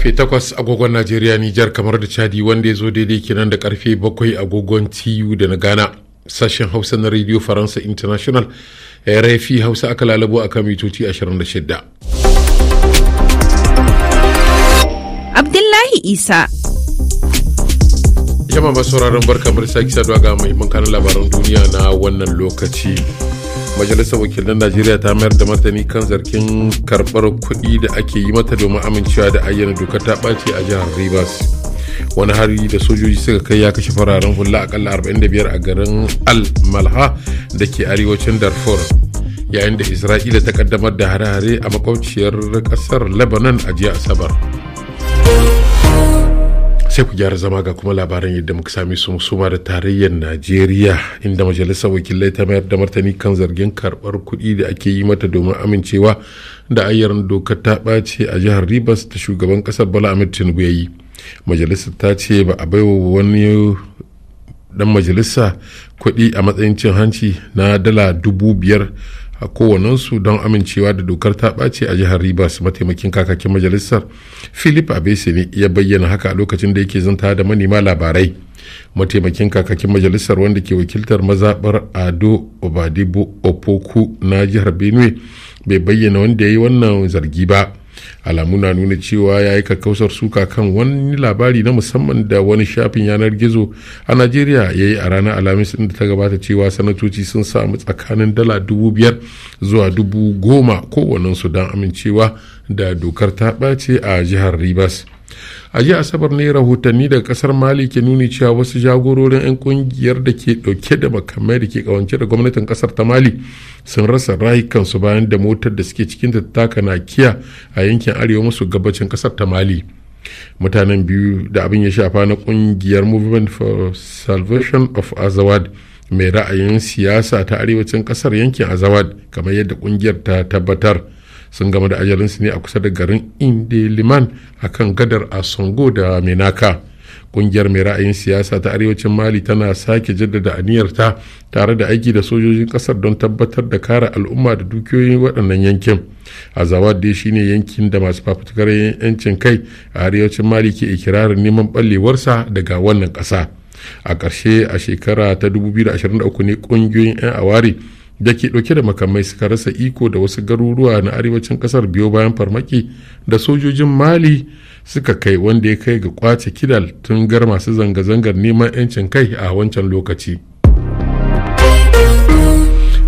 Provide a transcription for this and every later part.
karfe takwas agogon najeriya nijar kamar da chadi wanda ya zo daidai kenan da karfe 7 agogon tu da na ghana sashen hausa na radio faransa international rfi hausa aka lalabo a kan mitoci 26 abdullahi isa jama'a masu sauraron barka kamar kisa saduwa ga mai kanin labaran duniya na wannan lokaci majalisar wakilan najeriya ta mayar da martani kan zargin karbar kuɗi da ake yi mata domin amincewa da ayyana dokar ta ɓace a jihar rivers wani hari da sojoji suka kai ya kashe fararen hula akalla 45 a garin al malha da ke arewacin darfur yayin da isra'ila ta kaddamar da hare-hare a makwabciyar kasar lebanon a jiya asabar sai ku gyara zama ga kuma labaran yadda muka sami su suma da tarayyar najeriya inda majalisar wakilai ta mayar da martani kan zargin karbar kuɗi da ake yi mata domin amincewa da ayyar dokar ta ɓace a jihar ribas ta shugaban ƙasar bala amir tinubu ya yi majalisar ta ce ba a baiwa wani dan majalisa kuɗi a matsayin cin hanci na dala dubu biyar a kowanensu don amincewa da dokar ta ɓace a jihar rivers mataimakin kakakin majalisar philip abese ne ya bayyana haka a lokacin da yake zanta da manema labarai mataimakin kakakin majalisar wanda ke wakiltar mazabar ado obadibo opoku na jihar benue bai bayyana wanda ya yi wannan zargi ba alamu na nuna cewa ya yi kakkausar suka kan wani labari na musamman da wani shafin yanar gizo a najeriya ya yi a ranar alhamis inda ta gabata cewa sanatoci sun samu tsakanin dala dubu biyar zuwa dubu goma su don amincewa da dokar ta ɓace a jihar rivers a jiya asabar ne rahotanni daga kasar mali ke nuni cewa wasu jagororin 'yan kungiyar da ke dauke da makamai da ke kawance da gwamnatin kasar ta mali sun rasa rayukansu bayan da motar da suke cikin ta taka na kiya a yankin arewa masu gabacin kasar ta mali mutanen biyu da abin ya shafa na kungiyar movement for salvation of azawad mai ra'ayin siyasa ta arewacin kasar yankin azawad kamar yadda kungiyar ta tabbatar sun gama da ajalinsu ne a kusa da garin indeliman a kan gadar asongo da menaka kungiyar mai ra'ayin siyasa ta arewacin mali tana sake jaddada aniyarta tare da aiki da sojojin kasar don tabbatar da kare al'umma da dukiyoyin waɗannan yankin a azawad dai shine yankin da masu fafutukar yancin kai a arewacin mali ke ikirarin neman ɓallewarsa daga wannan ƙasa a ƙarshe a shekara ta 2023 ne ƙungiyoyin 'yan awari. da ke ɗauke da makamai suka rasa iko da wasu garuruwa na arewacin ƙasar biyo bayan farmaki da sojojin mali suka kai wanda ya kai ga kwace kidal tun gar masu zanga-zangar neman 'yancin kai a wancan lokaci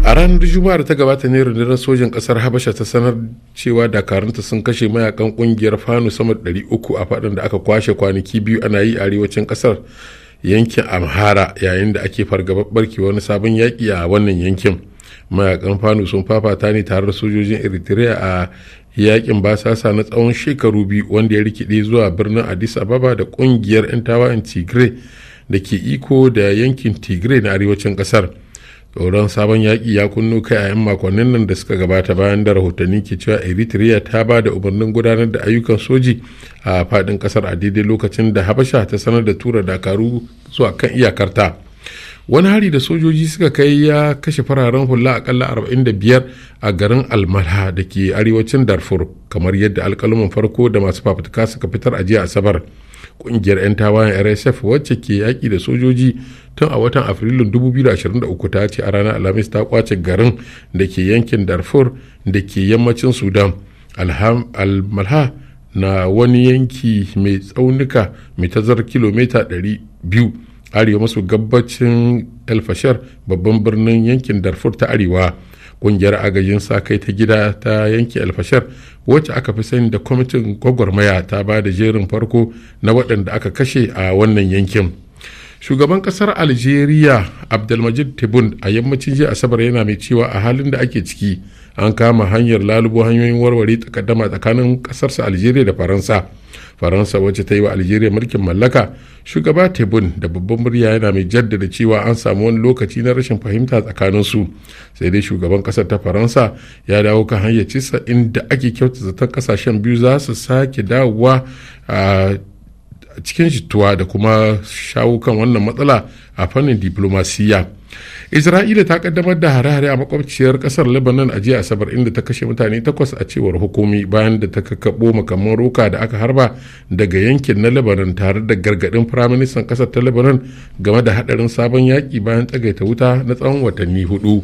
a ranar juma'ar ta gabata ne rundunar sojin kasar habasha ta sanar cewa dakarunta sun kashe mayakan kungiyar fanu sama da 300 a faɗin da aka kwashe kwanaki biyu ana yi a arewacin kasar yankin amhara yayin da ake fargabar barke wani sabon yaƙi a wannan yankin mayakan fano sun fafata ne tare da sojojin eritrea a yakin basasa na tsawon shekaru biyu wanda ya rikide zuwa birnin addis ababa da kungiyar 'yan tawayen tigray da ke iko da yankin tigray na arewacin kasar tsoron sabon yaƙi ya kunno kai a 'yan makonnin nan da suka gabata bayan da rahotanni ke cewa eritrea ta ba da umarnin gudanar da ayyukan soji a faɗin ƙasar a daidai lokacin da habasha ta sanar da tura dakaru zuwa kan iyakarta wani hari da sojoji suka kai ya kashe fararen hula akalla 45 a garin almalha da ke arewacin darfur kamar yadda alkalumin farko da masu fafutuka suka fitar a jiya asabar ƙungiyar 'yan tawayen rsf wacce ke yaƙi da sojoji tun a watan afrilun 2023 ta ce a ranar alhamis ta kwace garin da ke yankin darfur da ke yammacin sudan almalha na wani yanki mai tsaunuka mai tazar kilomita 200 arewa maso gabacin elfashar babban birnin yankin darfur ta arewa kungiyar agajin sa kai ta gida ta yanki alfashar wacce aka fi sani da kwamitin gwagwarmaya ta ba da jerin farko na waɗanda aka kashe a wannan yankin shugaban kasar algeria abdulmajid tebun a yammacin jiya asabar yana mai cewa a halin da ake ciki an kama hanyar lalubo hanyoyin warware takaddama tsakanin kasarsa algeria da faransa faransa wacce ta yi wa algeria mulkin mallaka shugaba tebun da babban murya yana mai jaddada cewa an samu wani lokaci na rashin fahimta tsakanin su sai dai shugaban kasar ta faransa ya dawo kan hanyar cisa inda ake kyautata zaton kasashen biyu za su sake dawowa a a cikin jituwa da kuma shawo kan wannan matsala a fannin diplomasiya isra'ila ta kaddamar da hare-hare a makwabciyar kasar lebanon a jiya asabar inda ta kashe mutane takwas a cewar hukumi bayan da ta kakabo makamman roka da aka harba daga yankin na lebanon tare da gargadin firaministan kasar ta lebanon game da hadarin sabon yaƙi bayan tsagaita wuta na tsawon watanni hudu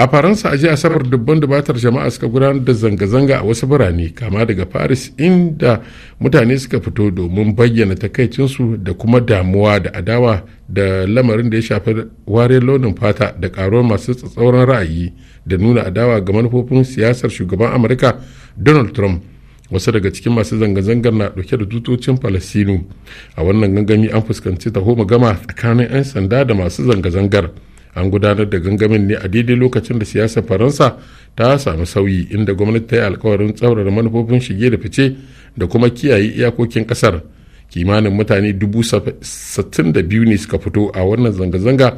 a faransa a jiya asabar dubban dubatar jama'a suka gudanar da zanga-zanga a wasu birane kama daga paris inda mutane suka fito domin bayyana takaicinsu da kuma damuwa da adawa da lamarin da ya shafi wariyar launin fata da karuwar masu tsatsauran ra'ayi da nuna adawa ga manufofin siyasar shugaban amurka donald trump wasu daga cikin masu zanga-zangar na dauke da dutocin falasinu a wannan gangami an fuskanci taho gama tsakanin 'yan sanda da masu zanga-zangar an gudanar da gangamin ne a daidai lokacin da siyasar faransa ta samu sauyi inda gwamnati ta yi alkawarin tsaurara manufofin shige da fice da kuma kiyaye iyakokin kasar kimanin mutane biyu ne suka fito a wannan zanga-zanga